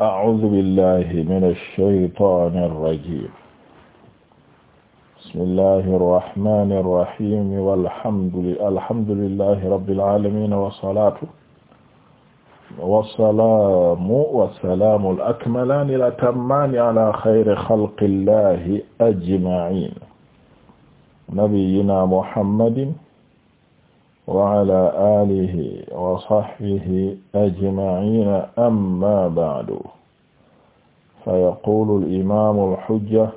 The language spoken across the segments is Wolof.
أعوذ بالله من الشيطان الرجيم بسم الله الرحمن الرحيم والحمد لله الحمد لله رب العالمين والصلاة والسلام والسلام الأكملان الأتمان على خير خلق الله أجمعين نبينا محمد wala alihi wa sahbihi ajmaciina amma bacdu fa yaquulu al-imaamu al-hujja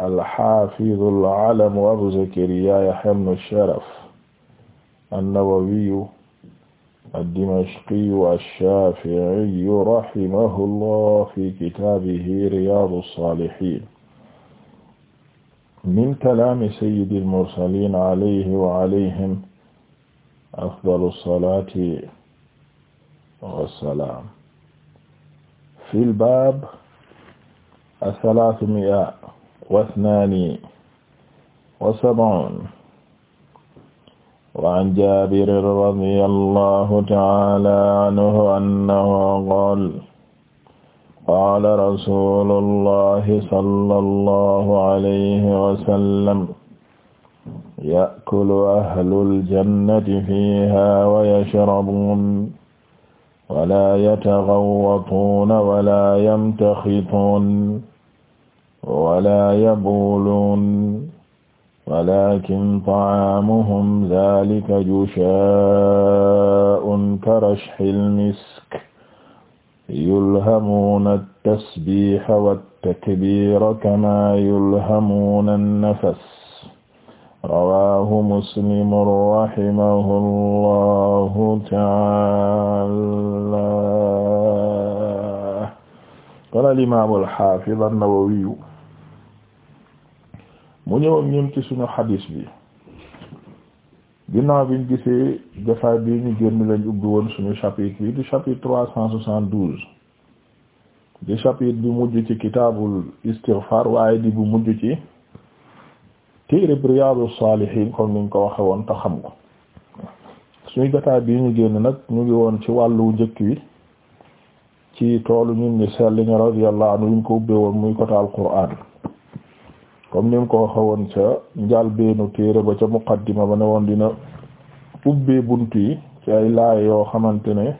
al-xaafidu al-calam abu zakariyaa yahyaa ibnu sharaf an-nawawiyu ad-dimashqiyu ash-shaaficiyu rahimahu llah fi kitaabihi riyaadu as-saalihiin min kalaami sayyidil mursaliin alayhi wa alayhim afdalu salaati wa salaam. fil baab asalaasumi'a wa isnaani wa sab'uun. wa an jaabirin radiyallaahu ta'aalaa anhu annahu qaala qaala rasuulullahi sallallahu alayhi wa sallam ya'kulu ahlul jannati fiihaa wa yashrabuun wa laa yataghawwatuuna wa laa yamtaxituun wa laa yabuuluun walaakin ta'aamuhum zaalika jushaa'un karashhil misk yulhamuuna tasbiiha wattakbiira kamaa yulhamuuna nafas rawaahu muslimun rahimahullahu ta'aalaa qaala al-imaamu al-haafiz an-Nawawi mu ñëwoon ñun ci sunu xadiis bi ginnaaw biñ gisee jafaay bi ñu génn lañ ubbi woon suñu chapitre di chapitre trois cent soixante-douze di chapitre bi mujj ci kitaabul istighfar waaye di bu mujj ci téere Riyâdous Sâlihîne comme niñ ko waxe woon te xam ko suñu jafaay bi ñu génn nag ñu ngi woon ci wàllu njëkk wi ci toolu ñu ñun ñi sell ñi radiyallahu anhu ñu ko ubbee woon muy côté al Qur'an comme ni mu ko xawoon ca njàlbeenu téere ba ca muqaddima ba ne woon dina ubbee bunt yi ci ay laay yoo xamante ne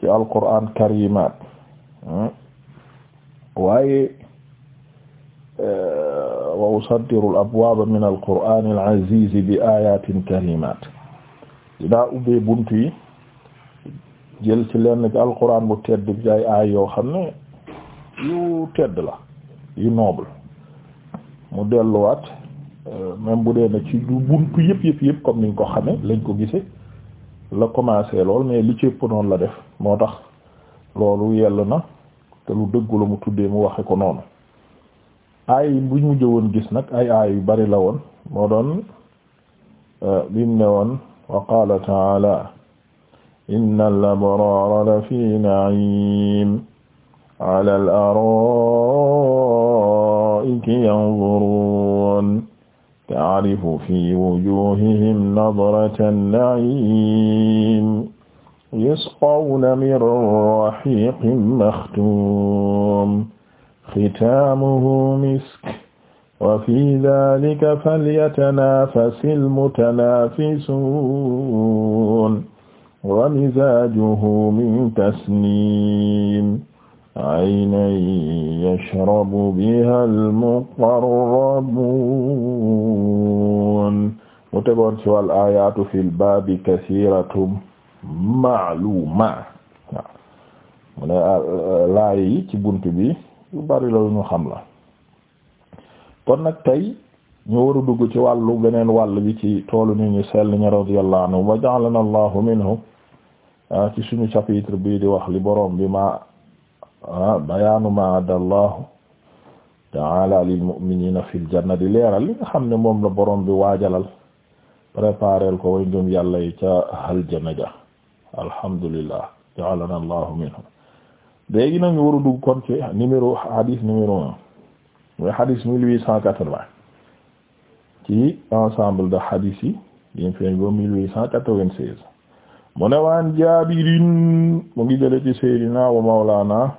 ci alquran karimaat waaye eh, wa usaddiru al abwaaba min alqur'ani al azizi bi ayatin karimaat dinaa ubbee bunt yi jël ci lenn ci alquran bu tedd ci ay aay yoo xam ne yu tedd la yu noble mu delluwaat euh, même bu dee na ci du buntu yëpp yëpp yëpp comme niñ ko xame lañ ko gise la commencé lool mais li ci ëpp la def moo tax loolu yell na te lu dëggu la mu tuddee mu waxe ko noonu aay bu ñu jëwoon gis nag ay aay yu bari la woon moo doon euh, bim ne woon wa qaala taala inna al-abraara fi na'iim ala al wara'ika yanzuruun ta'rifu fi wujuuhihim nadrata na'iim yusqawna min rahiiqin maxtuum xitaamuhu misk wa fi daalika falyatanaafasi lmutanaafisuun wa mizaajuhu min tasniim aynan yashrabu biha al mu tegoon ci wàll ayaatu fi baabi kasiiratum ma'luuma waaw mu ne ah, laay ci bunt bi yu bari la ñu xam la kon nag tey ñu war a dugg ci wàllu beneen wàll bi ci toolu ni ñu sell ñu radiyallahu anhu wa ja'alana allahu minhu ah, ci suñu chapitre bii di wax li boroom bi ma ah bayaanu ma adallahu ta'ala lil mu'minina fil janna di leeral li nga xam ne moom la borom bi waajalal préparel ko way ngëm yàlla yi ca aljanna ja alhamdulillah ja'alana allahu minhum léegi nag ñu war a dugg kon ci numéro hadith un mooy hadith mille ci ensemble de hadith yi yim ne waan jaabirin mu ngi jële ci seydina wa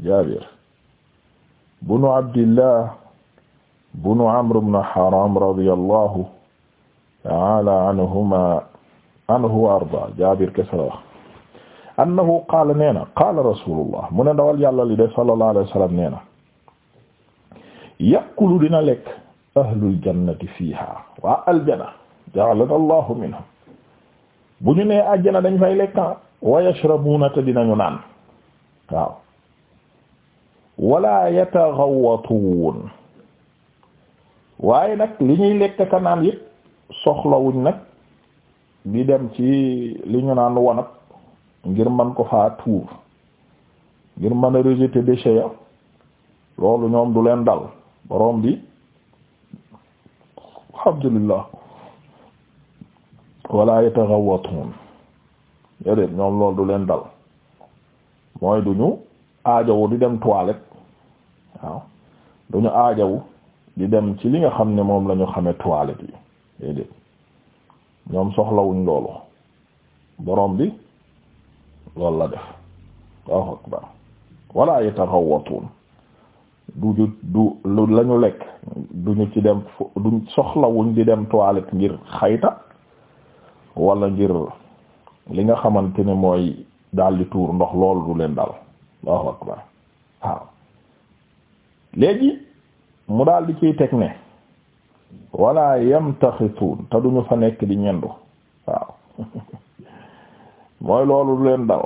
Jaabir bunu Abdillah bunu Amr ibn Haram radiyallahu ta'ala anhuma anhu wa arda Jaabir kese la wax annahu qaala nee na qaala rasulullah mu ne dawal yàlla li de sallallahu alayhi wa sallam nee na yakulu dina lekk ahlul jannati fiiha waa aljana ja'alana allahu minhum bu ñu nee àjjana dañ fay lekk wa yashrabuuna te dinañu naan waaw wala yataghawwatun waaye nag li ñuy lekk ka naan yëpp soxlawuñ nag bi dem ci li ñu naan wanag ngir man ko faa tuur ngir mën a rejeter déchets ya loolu ñoom du leen dal borom bi alhamdulillah wala yataghawwatun yadéet ñoom loolu du leen dal mooy duñu aajawu di dem toilette waaw duñu aajowu di dem ci li nga xam ne moom la ñu xame yi ñoom soxlawuñ loolu borom bi loolu la def Allahu akbar wala yataghawwatun du du lañu lekk duñu ci dem duñ soxlawuñ di dem toilette ngir xayta wala ngir li nga xamante ne mooy daldi tuur ndox loolu du leen dal Allahu akbar waaw léegi mu daldi di teg ne wala yamtaxituun te duñu fa nekk di ñendu waaw mooy loolu leen dal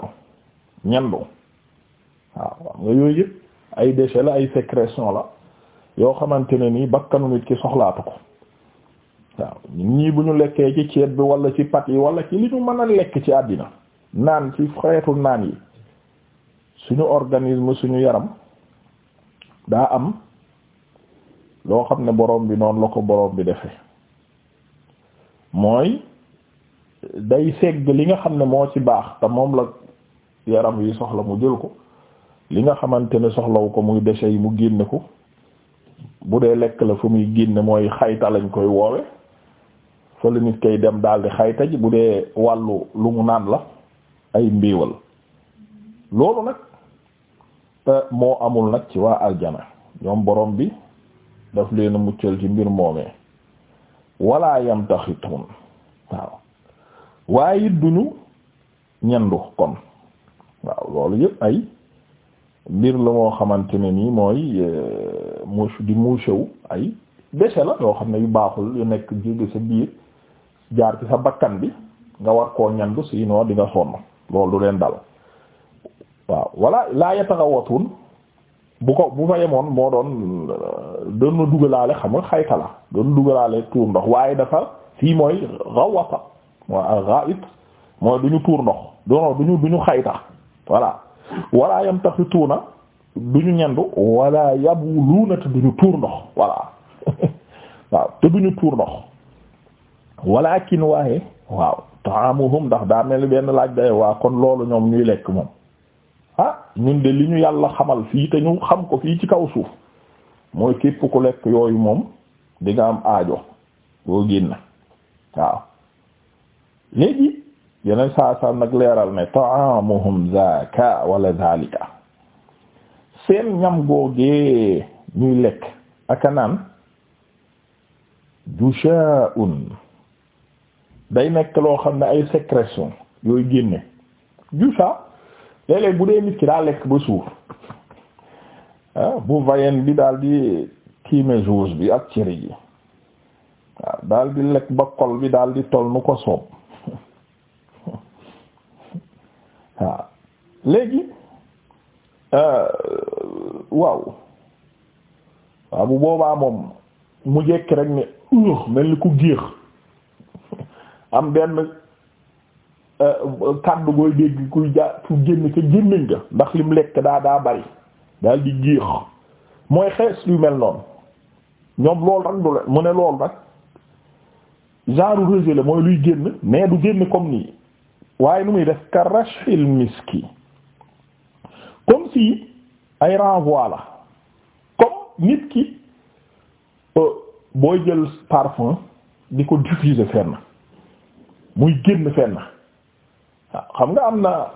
ñendu waaw xam nga yooyu yëpp ay déchets la ay sécrétion la yoo xamante ne nii bakkanu nit ki soxlaatu ko waaw ñii bu ñu lekkee ci ceeb bi wala ci pat yi wala ci li ñu mën a lekk ci àddina naan ci xeetu naan yi suñu organisme suñu yaram daa am loo xam ne borom bi noonu la ko borom bi defee mooy day segg li nga xam ne moo ci baax te moom la yaram yi soxla mu jël ko li nga xamante ne soxlawu ko muy dese yi mu génn ko bu dee lekk la fu muy génne mooy xayta lañ koy woowe fa la nit koy dem daldi xayta ji bu dee wàllu lu mu naan la ay mbiiwal loolu nag moo amul nag ci waa aljana ñoom borom bi daf leen a muccal ci mbir moomee wala yamtaxitun waaw waaye it duñu ñendu kon waaw loolu yëpp ay mbir la moo xamante ne nii mooy euh, muus di muusew ay déchets la yoo xam ne yu baaxul yu nekk jóge sa biir jaar ci sa bakkan bi nga war koo ñandu sinon di sonn loolu du leen dal waaw walla laa yataxawatun bu ko bu fa yemoon moo doon euh, doon na laale xam nga xayta la doon dugalaale tuur ndox waaye dafa fii mooy rawata waaw gha'it mooy du ñu tuur ndox doono duñu du ñu wala yam taxi du ñu wala yabu luuna te du ñu tuur ndox voilà waaw te du ñu tuur ndox walakin waaye waaw taamuhum ndax daa mel benn laaj day waa kon loolu ñoom ñuy lekk moom ah ñun de li ñu yàlla xamal fii te ñu xam ko fii ci kaw suuf mooy képp ku lekk yooyu moom di nga am aajo boo génn waaw léegi yeneen saa saa nag leeral ne ta'amuhum zaaka wala zalika seen ñam googee ñuy lekk aka naan day nekk loo xam ne ay sécrétion yooyu génne léeg bu dee nit ki daa lekk ba suuf ah, bu vayen bi daal di kiime jose bi ak cere ji waaw daal di lekk ba kol bi daal di tol nu ko soob waaw léegi euh, waaw waaw bu boobaa moom mu jekk rek ne mel ni ku géex am benn Euh, kàddu gooy dégg kuy ja ku génn ca gémmiñ ga ndax lim lekk daa daa bari daal di géex mooy xees yu mel noonu ñoom loolu rek du la mu ne loolu rek genre rejet la mooy luy génn mais du génn comme nii waaye nu muy def ka rashil miski comme si ay renvoi la comme nit ki euh, booy jël parfum di ko diffuser fenn muy génn fenn waaw xam nga am na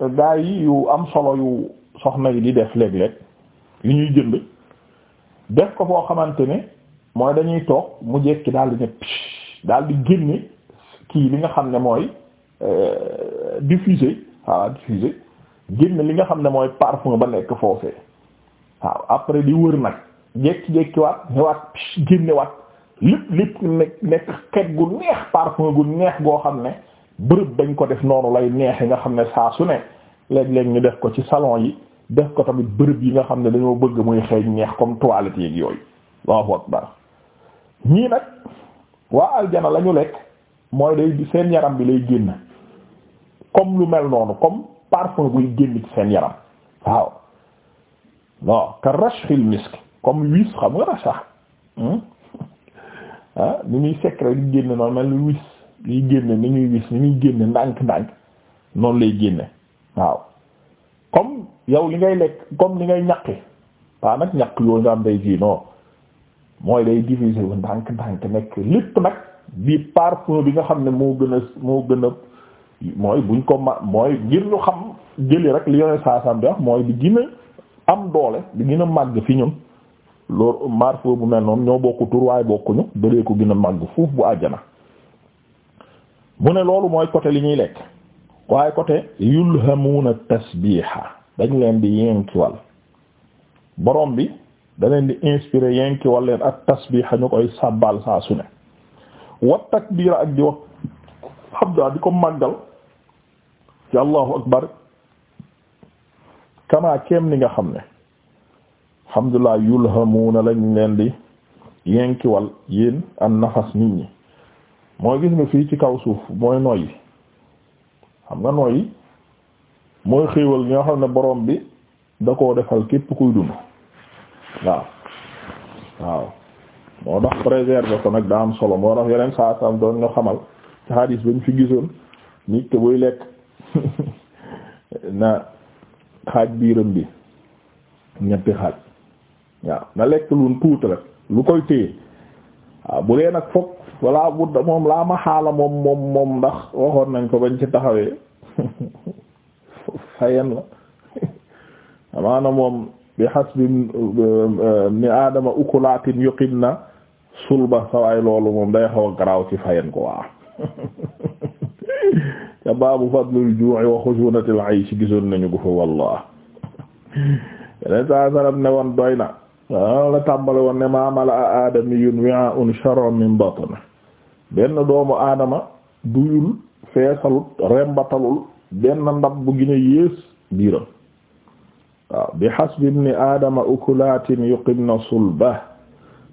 gaa yi yu am solo yu soxna yi di def léeg-léeg yu ñuy jënd def ko foo xamante ne mooy dañuy toog mu jekki daal di ne daal di génne kii li nga xam ne mooy euh, diffuser waaw diffuser génne li nga xam ne mooy parfum ba nekk foofee waaw après di wër nag jekki-jekki waat ñëwaat génne waat lépp lépp nekk nekk xet gu neex parfum gu neex goo xam ne bërëb bañ ko def noonu lay yi nga xam ne saa su ne léeg-léeg ñu def ko ci salon yi def ko tamit bërëb yi nga xam ne dañoo bëgg muy xeeñ neex comme toilette yeeg yooyu Allahu akbar ñii nag waa aljana la ñu lekk mooy day seen yaram bi lay génn comme lu mel noonu comme parfum buy génn ci seen yaram waaw non ka rashil misk comme wis xam nga rasha hmm? ah ni muy secret di génn noonu mel ni wis liy génne ni ñuy gis ni muy génne ndànk-ndànk noonu lay génne waaw comme yow li ngay lekk comme li ngay ñaqi waa nag ñaq yooyu nga am day fii mooy day diviser wu ndànk-ndànk nekk lépp nag bi parfum bi nga xam ne moo gën a moo gën a mooy buñ ko ma mooy ngir ñu xam jëli rek li yone saasam bi wax mooy bi gën am doole bi gën a màgg fi ñun loolu marfo bu mel noonu ñoo bokku tur waaye bokkuñu dalee ko gën màgg fuuf bu àjjana mu ne loolu mooy côté li ñuy lekk waaye côté yulhamuuna tasbiha dañ leen di yenkiwal borom bi da leen di inspiré yenkiwal leen ak tasbiha ñu koy sàbbal saa su ne wa takbira ak di wax xabdaa di ko màggal ci allahu akbar kamaa keem ni nga xam ne alhamdulillah yulhamuuna lañ leen di yenkiwal yéen an nafas nit ñi moo gis nga fii ci kaw suuf mooy noyyi xam nga noyyi mooy xéewal ñoo xam ne borom bi da koo defal képp kuy dund waaw waaw moo tax préserver ko nag daa am solo moo tax yeneen saa saam doon ñu xamal ci hadis ba ñu fi gisoon nit ki buy lekk na xaaj biiram bi ñetti xaaj waaw na lekk lu tuuti rek lu koy téye waaw bu dee nag foog laa ma xaala moom moom moom ndax waxoon nañ ko bañ ci taxawee fayen la amaana moom bi hasbi ni adama ukulatin yuqin na sulba sawaay loolu moom day xaw a ci fayen ko waa ca baabu fadlul ju'i wa xusunatil ayshi gisoon nañu ko fa wallah yeneen saa saram ne woon doy na la tàmbale woon ne ma mala a aadamiyun wi'a'un sharran min batn benn doomu aadama duyul feesalut rembatalul benn ndab bu gën a yées biiram waaw bi hasbi ibni aadama ukulatin yuqimna sulba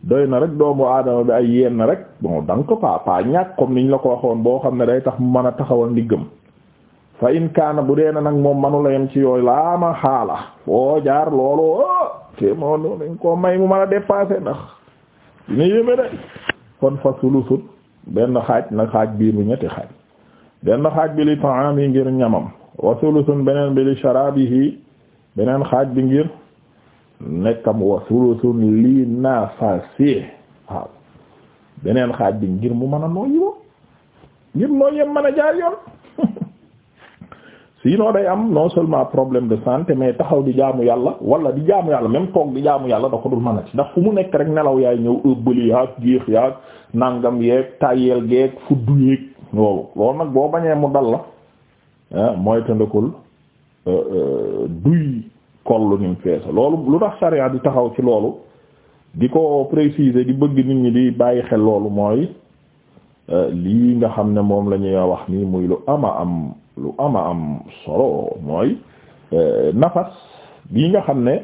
doy na rek doomu aadama bi ay yenn rek bon danga ko paa paa ñàkk niñ la ko waxoon boo xam ne day tax mu mën a taxawal ndiggam fa in kaana bu dee na nag moom manula yem ci yooyu laa ma xaala foo jaar loolu te moolu dañ koo may mu mën a dépasser ndax dina yéeme de kon fa sulusut benn xaaj na xaaj bii bu ñetti xaaj benn xaaj bi li ta'ami ngir ñamam wa sulusun beneen bi li sharabihi beneen xaaj bi ngir nekkam wa sulusun li nafasi waaw beneen xaaj bi ngir mu mën a nooyi moom ngir nooyeem mën a jaar yoon sinon day am non seulement problème de santé mais taxaw di jaamu yàlla wala di jaamu yàlla même toog di jaamu yàlla da ko dul mën a ci ndax fu mu nekk rek nelaw yaay ñëw ëbbali yaag géex yaag nangam yeeg tayel geeg fuddu yeeg loolu loolu nag boo bañee mu dal la ah, mooy tëndakul euh, euh, duy kollu ni mu feesa loolu lu tax sariya di taxaw ci loolu di ko préciser di bëgg nit ñi di bàyyi xel loolu mooy euh, lii nga xam ne moom la ñuy wax nii muy lu ama am lu ama am solo mooy euh, nafas bii nga xam ne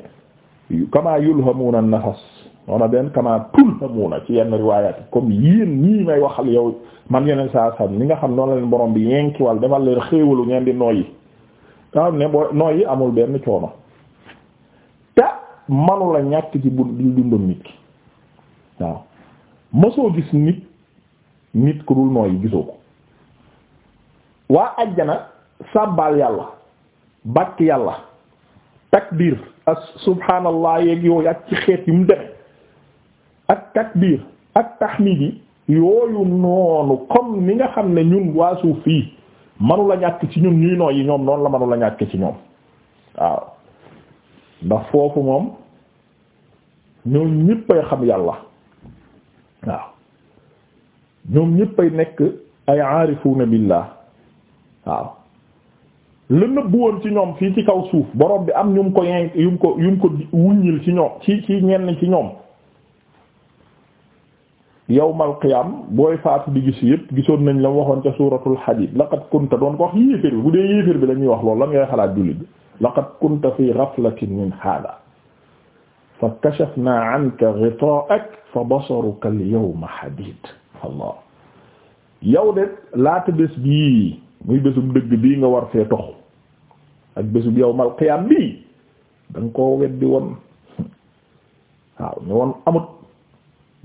kama yulhamuna nafas noona benn kama tulhamuna ci yenn riwaayaat comme yéen ñii may waxal yow man yeneen saa sam li nga xam noonu la leen borom bi yenkiwal defal leen xéewalu ngeen di nooyi nga xam ne boo nooyi amul benn coono te manu la ñàkk ci bu dundam nit ki waaw mësoo gis nit nit ku dul nooyi gisoo ko waa ajjana sàbbaal yàlla bàkk yàlla takbir ak subhaanallah yeeg yooyu ak ci xeet yu mu demee ak takbir ak tahmid yi yooyu noonu comme ni nga xam ne ñun waa suuf fii manu la ñàkk ci ñun ñuy nooy yi ñoom noonu la manu la ñàkk ci ñoom waaw ndax foofu moom ñoom ñëppay xam yàlla waaw ñoom ñëppay nekk ay aarifuna billah waaw la nëbbu woon ci ñoom fii ci kaw suuf borom bi am ñu mu ko yu mu ko yu mu ko ci ñoom ci ci ñenn ci ñoom yawmal qiyam booy faatu di gis yëpp gisoon nañ la waxoon ca suuratul hadid laqad kunta doon ko wax yéeféer bu dee yéeféer bi la ñuy wax loolu lan ngay xalaat jullit bi laqad kunta fi ghaflatin min hada fa kashafna anka ghita'ak fa basaruka al yawma hadid allah yow de laata bés bii muy bésub dëgg bii nga war fee tox ak bésub yawmal qiyaam bii da nga koo weddi woon waaw ne woon amut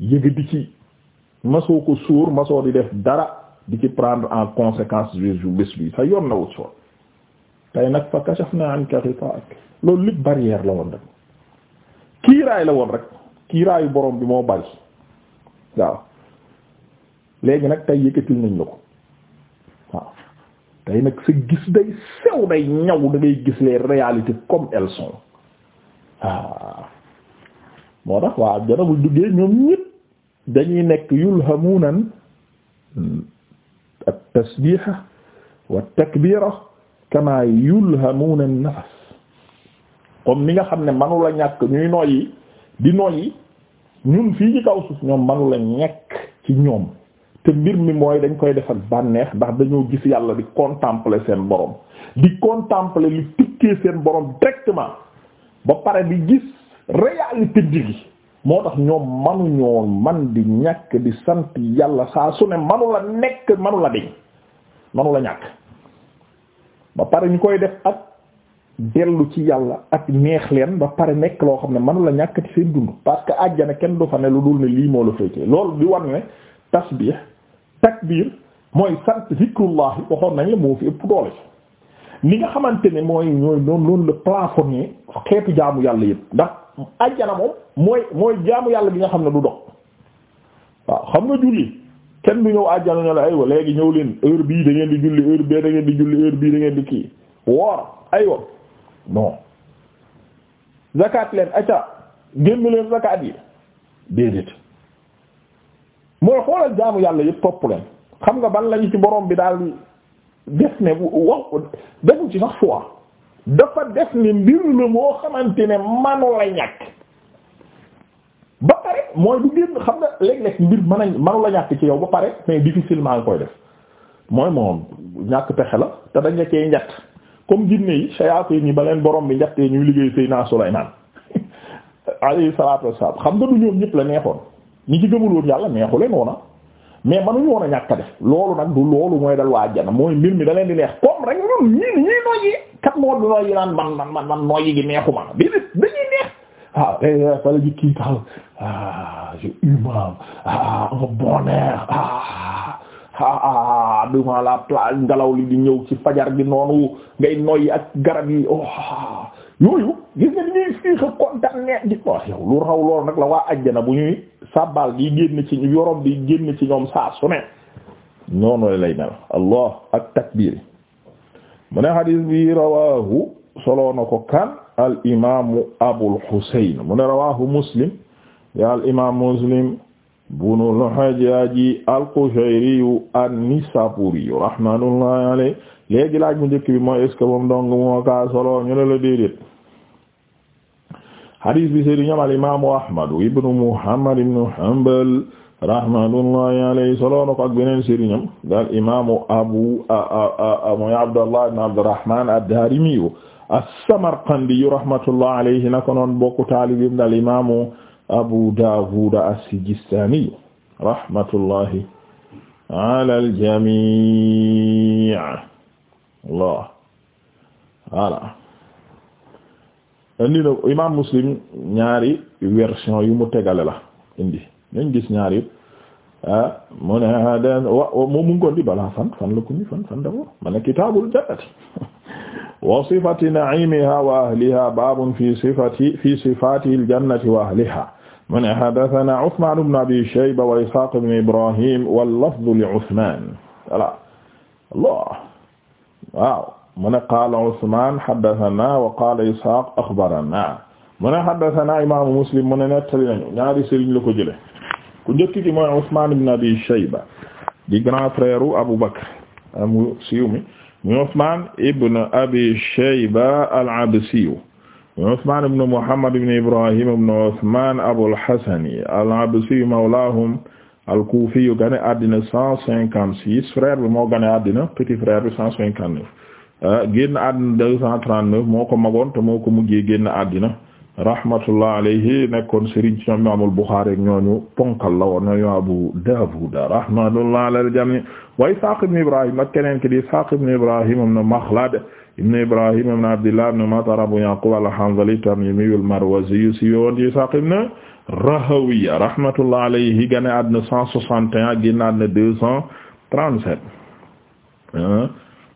yëgadi ci masoo ko suur masoo di def dara di ci prendre en conséquence jour bés bi sa yoon na wut soon tey nag fa kashafna anka ghitaak loolu lépp barrière la woon rek kiiraay la woon rek kiiraayu borom bi moo bari waaw léegi nag tey yëkkatil nañ la ko tey nag sa gis day sew day ñaw da gis les réalités comme elles waaw ah. moo tax waa jana bu duggee ñoom ñépp dañuy nekk yulhamunan mm, at tasbiha wa takbira kama yulhamuna an-nafas comme ni nga xam ne manu ñàkk ñuy noyyi di noyyi ñun fii ci kaw suuf ñoom manu ñàkk ci ñoom te mbir mi mooy dañ koy def ak bànneex ndax dañoo gis yàlla di contempler seen borom di contempler li tukkee seen boroom directement ba pare di gis réalité gi moo tax ñoom manuñoo man di ñàkk di sant yàlla saa su ne manu la nekk manu la deñ ñàkk ba pare ñu koy def ak dellu ci yàlla ak neex leen ba pare nekk loo xam ne manu la ñàkk ci seen dund parce que àjjana kenn du fa ne lu dul ne lii moo la féetee loolu di war ne tasbih takbir mooy sant zikrullah waxoon nañ la moo fi ëpp doole ni nga xamante ne mooy ñooy noonu loolu la plafonnier xeetu jaamu yàlla yëpp ndax ajjana moom mooy mooy jaamu yàlla bi nga xam ne du dox waaw xam nga julli kenn du ñëw ajjana ñoo la aywa léegi ñëw leen heure bii da ngeen di julli heure bee da di julli heure bii da ngeen di kii woor aywa non zakat leen acca génn leen zakat yi déedéet mooy xoolal jaamu yàlla yëpp topp leen xam nga ban lañu ci borom bi daal def ne wax defu ci sax choix dafa def ne mbir la moo xamante ne manu la ñàkk ba pare mooy du génn xam nga léeg-léeg mbir mën a manu la ñàkk ci yow ba pare mais difficilement nga koy def mooy moom ñàkk pexe la te dañ la cee njatt comme jinne yi sayaatin yi ba leen borom bi njattee ñuy liggéey Seydina Sulaymaan alayhi salaatu wassalaam xam nga du ñoom ñëpp la neexoon ñi ci gëmul woon yàlla neexu leen mais manuñu woon a ñàkk def loolu nag du loolu mooy dal waa jana mooy mbir mi da di neex comme rek ñun ñii noyyi kat moo du noyyi naan man man man man noyyi gi neexu ma bi dañuy neex ah devant la plage ngelaw li di ñëw ci fajar gi noonu ngay noyyi ak garab yi oh, yooyu gis nga ñuy fiix a di wax lu raw lool nag la waa ajjana bu ñuy sàbbaal di génn ci yorom di génn ci ñoom saa su ne noonu lay mel allah ak takbiir mu ne xadiis bi rawaahu soloo na kan al imaamu abul xuseyn mu ne rawaahu muslim ya al imaam muslim bunu al hajjaaji al qushayriyu an-nisapuriyu rahmatullahi alayhi léegi laaj mu njëkk bi mooy est-ce que moom dong moo ka ñu ne la déedéet hadis bi sëriñam al imaamu ahmadu ibnu muhammad ibnu hanbal rahmatullahi alayhi soloona ko ak beneen sëriñam daal imaamu abu mooy abdallah ibnu abdurrahman ad-daarimi as-samarqandi rahmatullahi alayhi na ko noon bokku taalibim daal imaamu abu daawud as-sijistaani rahmatullahi ala al-jamii' Allah indi na imam muslim ñaari version yu mu tegale la indi nañ gis ñaar yëpp ah mu ne ah, den wa moom mu ngi ko di balaa fan fan la ko ni fan fan d'abord ma ne kitaabul jannati wa sifati naimiha wa ahliha babun fi sifati fi sifati aljannati wa ahliha mu ne hadathana uthman ibn abi shayba wa ishaq ibn ibrahim wal lafdhu li uthman voilà allah waaw mu ne qaala Usmaan haddasanaa wa qaala Ishaaq axbaranaa mu ne haddasanaa imaamu Muslim mu ne nettali nañu ñaari sëriñ la ko jële ku njëkk ci mooy Usmaan ibn Abi Shayba di grand frère u Abu Bakr amu siiw mi mu Usmaan ibn Abi Shayba al-Absiyu Usmaan ibn Muhammad ibn Ibrahim ibn Usmaan Abul Hasani al-Absiyu mawlaahum al-Kuufiyu gane àddina cent cinquante six frère bi moo gane àddina petit frère bi cent cinquante neuf Ah, génn àddina moo ko magoon te moo ko mujjee génn àddina rahmatullah alayhi nekkoon sëriñ ci ñoom imaamul Buxaari ak ñooñu ponkal la woon ñooñu Abu Daawuud rahmatullah alal jami wa Isaaq ibn Ibrahim ak keneen ki di Isaaq ibn Ibrahim ibn Maxlad ibn Ibrahim ibn Abdillah ibn Matar Abu Yaqub al-Hanzali Tamimi al-Marwazi si yoon ci Isaaq ibn Rahawiya rahmatullah alayhi gane àddina cent soixante et un génn àddina deux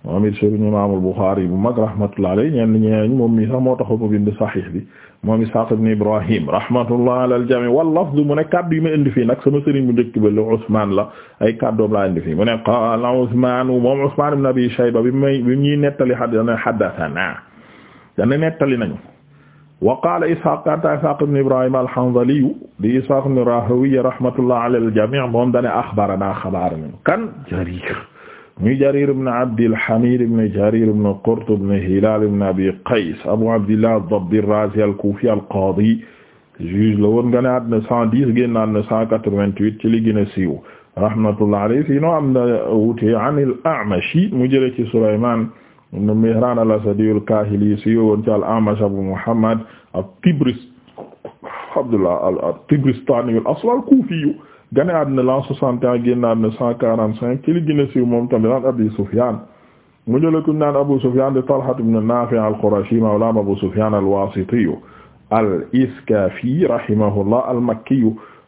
moom it sëriñ imaamul Buxaari bu mag rahmatullah alayhi ñenn ñeeñ moom mi sax moo taxaw ko bind saxiix bi moom Isxaaq ibn Ibrahim rahmatullah alal jami wal lafdu mu ne kaddu yi ma indi fii nag sama sëriñ bu njëkk ba la Ousmane la ay kaddoom laa indi fii mu ne qaala Ousmane moom Ousmane ibn Abi Shayba bi may bi ñuy nettali haddasanaa dana nettali nañu wa qaala Isxaaq kanta Isxaaq ibn Ibrahim al-Hanzali di Isxaaq ibn Rahawayh rahmatullah alal jami moom dana axbaranaa xabaar nañu kan Jariir muy Jarir ibn Abdil Hamid ibn Jarir ibn Qurt ibn Hilal ibn Abi Qays Abu Abdillah ad-Dabbi ar-Razi al-Kufi al-Qadi juge la woon nga ne àddina 110 génnaat na 188 ci li gën a siiw rahmatullah alayhi si noo am na wuute an al mu jële ci Sulayman ibn Mihran al-Asadi al-Kahili siiw Abu Muhammad at-Tabris Abdullah at-Tabristani gane àdduna lan soixante ans génn àdduna cent quarante cinq ki li gën a siiw moom tamit an Abi Sufyan mu jëlakum naan Abu Sufyan de Talha ibn Nafi' al-Qurashi mawlaam Abu Sufyan al-Wasiti al-Iskafi rahimahullah al-Makki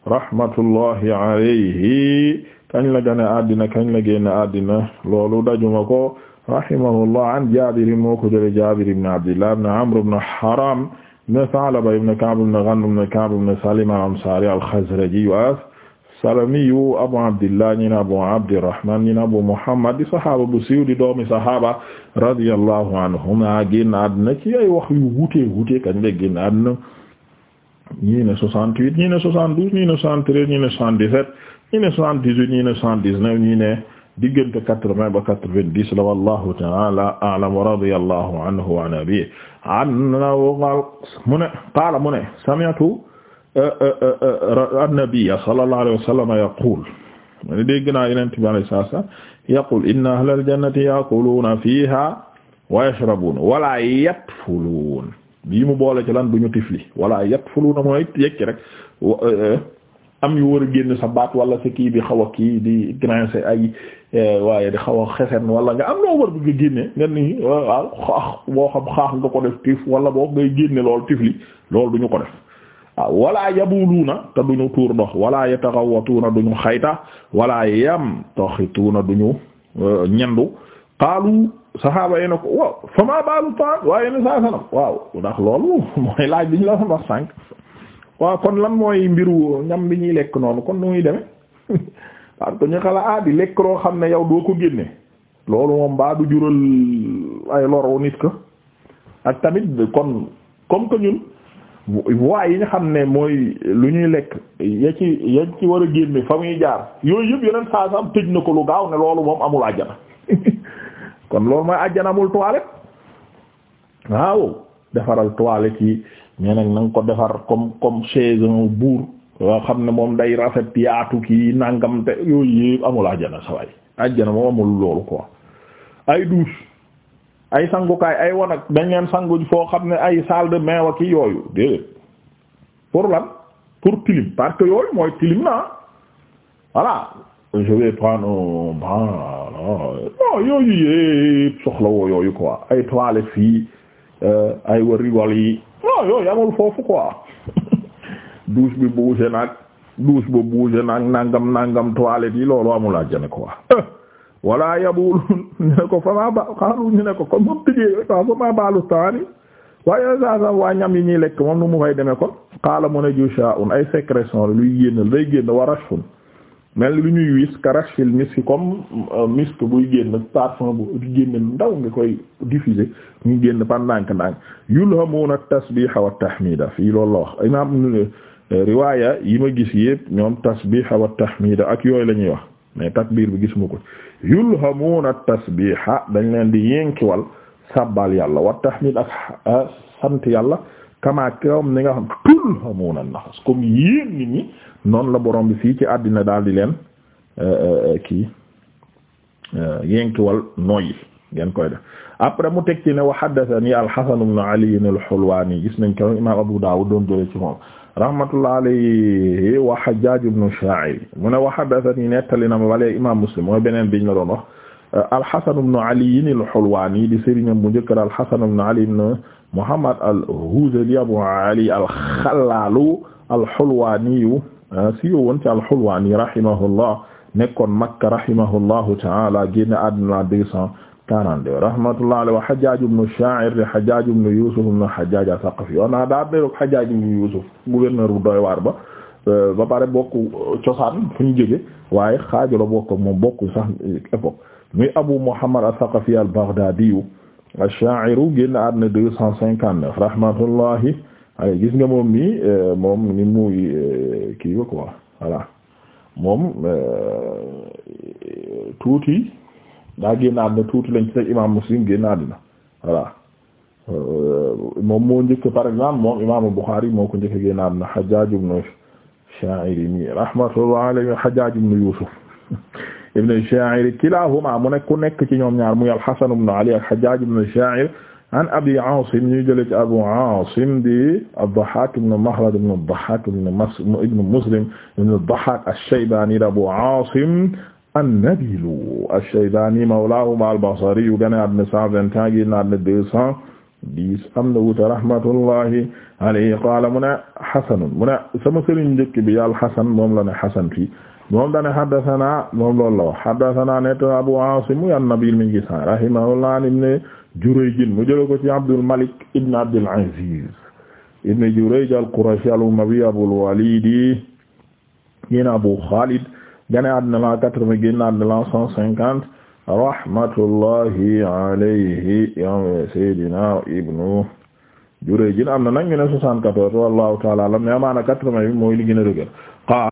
rahmatullahi alayhi kañ la gane àddina kañ la génn àddina loolu dajuma ko rahimahullah an Jaabir moo ko jëlee Jaabir ibn Abdillah ibn Amr ibn Haram ibn Tha'laba ibn Ka'b ibn Ghanm ibn Ka'b ibn Salim al-Ansari al-Khazraji salamiyu abu abdillah ñi ne abu abdirahman ñi abu muhammad di sahaaba bu siiw di doomi sahaaba radiyallahu anhuma génn àddina ci ay wax yu wuute wuute kañ la génn àddina ñii ne 68 ñii ne 72 ñii ne 73 ñii ne 77 ñii ne 78 ñii ne 79 ñii ba 90 la wallahu ta'ala a'lam wa radiyallahu anhu wa nabi an mu ne qaala mu Euh, euh, euh, annabiyya sallallahu alayhi wa sallam yaqul mane dégg naa yenente bi alayhi salaatu salaam yaqul inna ahlal jannati yaquluuna fiihaa wa yashrabuuna wala yatfuluun bii mu boole ci lan duñu tifli wala yatfuluuna mooy yekki rek am yu war a génn sa baat wala sa kii bi xaw a kii di grincer ay waaye di xaw a xesen wala nga am noo war bi nga génne nga ni waaw xaax boo xam xaax nga ko def tif wala boo ngay génne lool tifli loolu duñu ko def waaw wala yabuluuna te duñu tuur ndox wala yataxawatuuna duñu xayta wala yamtaxituuna duñu euh, ñendu qaalu saxaaba yi ne ko waaw fama baalu taan waaye ne waaw ndax loolu mooy laaj bi ñu la wax sànq waaw kon lan mooy mbiru ñam bi ñuy lekk noonu kon nu muy demee parce que ñu xala ah, di lekk loo xam ne yow doo ko génne loolu moom baa du jural ay loro nit ko ak tamit kon comme que waa yi nga xam ne mooy lu ñuy lekk ya ci ya ci war a génne fa muy jaar yooyu yëpp yeneen saa sam tëj na ko lu gaaw ne loolu moom amul àjjana kon loolu mooy àjjana amul toilette waaw defaral toilette yi mais nag na nga ko defar comme comme chaise buur yoo xam ne moom day rafet yaatu kii nàngam te yooyu yëpp amul àjjana sa àjjana moom amul loolu ko ay douche ay sangukaay ay wanag dañ leen sangu foo xam ne ay salle de bain wa ki yooyu déedéet pour lan pour tilim parce que yooyu mooy tilim na voilà yooyu yëpp soxla woo yooyu quoi ay toilettes fii euh, ay wa rigol yi non yooyu amul foofu quoi douche bi bougé nag douche ba bougé nag nangam nangam toilettes yi loolu amul àjjana quoi wala yabulun ñu ne ko fama ba xaalu ñu ne ko kon moom tëjee waaw fama baalu taani waaye yoneen saa saam waa ñam yi ñuy lekk moom nu mu koy demee kon xaala mu ne jushaa'un ay sécrétion luy génn day génn wa rashfun mel lu ñuy wis ka rashfil miski comme euh, misk buy génn parfum bu génn ndaw nga koy diffuser ñu génn par ndànk-ndànk yulhamuna tasbiha wa tahmida fii loolu la wax imaam euh, riwaaya yi ma gis yépp ñoom tasbiha wa tahmida ak yooyu la ñuy wax mais takbir bi gis mu ko yulhamuuna tasbiha dañ leen di yénkiwal sabbal yàlla wa tahmid ak ah, sant yàlla kama ni nga xam tulhamuuna nafas comme yéen nit ñi noonu la borom bi fii ci àddina daal di leen eh, eh, eh, kii yénkiwal noyyi ngeen koy def après mu teg ci ne wa haddathani al-Hasan ibn Ali al-Hulwani gis nañ ko imam Abu Dawud doon jëlee ci moom rahmatullah alayhi wa Hajjaj ibn Sha'ir mu ne wa haddathani nettali na ma wala imam Muslim mooy beneen biñ la doon wax al-Hasan ibn Ali al-Hulwani di sëriñam bu njëkk al-Hasan ibn Ali ibn Muhammad al-Hudhali Abu Ali al-Khallalu al-Hulwani ah, si woon ci al-Hulwani rahimahullah nekkoon Makka rahimahullahu ta'ala génn àdduna deux cent 42 rahmatullah alayhi wa Hajjaj ibn Sha'ir de Hajjaj Yusuf ibn Hajjaj As-Saqafi on a daa beroog Hajjaj ibn Yusuf gouverneur bu doy ba euh, ba pare bokk cosaan fu ñu jóge waaye xaaju la bokk moom bokk sax époque muy Abu Muhammad As-Saqafi Al-Baghdadi Ash-Sha'ir génn àddina 259 rahmatullahi alayhi gis nga moom euh, euh, tuuti. daa génn àddina tuuti lañ ci teg imam muslim génn àddina voilà euh, moom moo njëkk par exemple moom imam Bukhari moo ko njëkk génn àddina Hajjaj ibn Sha'iri mi rahmatullahi alayhi Hajjaj ibn Yusuf ibn Sha'ir kilahuma mu nekk ku nekk ci ñoom ñaar muy al-Hasan ibn Ali ak Hajjaj ibn Sha'ir an Abi Asim ñu jëlee ci Abu Asim di ad-Dahhak ibn Makhlad ibn ad-Dahhak ibn Muslim ibn ad-Dahhak ash-Shaybani Abu Asim an-Nabilu ash-Shaybani mawlahuma al-Basri yu gane àddina cent vingt ans génn àddina deux cent dix am na wuute rahmatullahi alayhi qaala mu ne hasanun mu ne sama bi al-Hasan moom la ne hasan Abu Asim muy an-Nabil mi ngi sa rahimahullah ibn Jurayj mu jële Abdul Malik ibn Abdul Aziz ibn Jurayj al-Qurashi al-Umawi Abul Walid ibn Abu Khalid gane àddina la a génn àddina la 150 rahmatullahi alayhi sayyidina ibnu Jurayj am na nag ñu ne 74 wallahu ta'ala a'lam mais amaana 80 bi mooy li gën a dëgër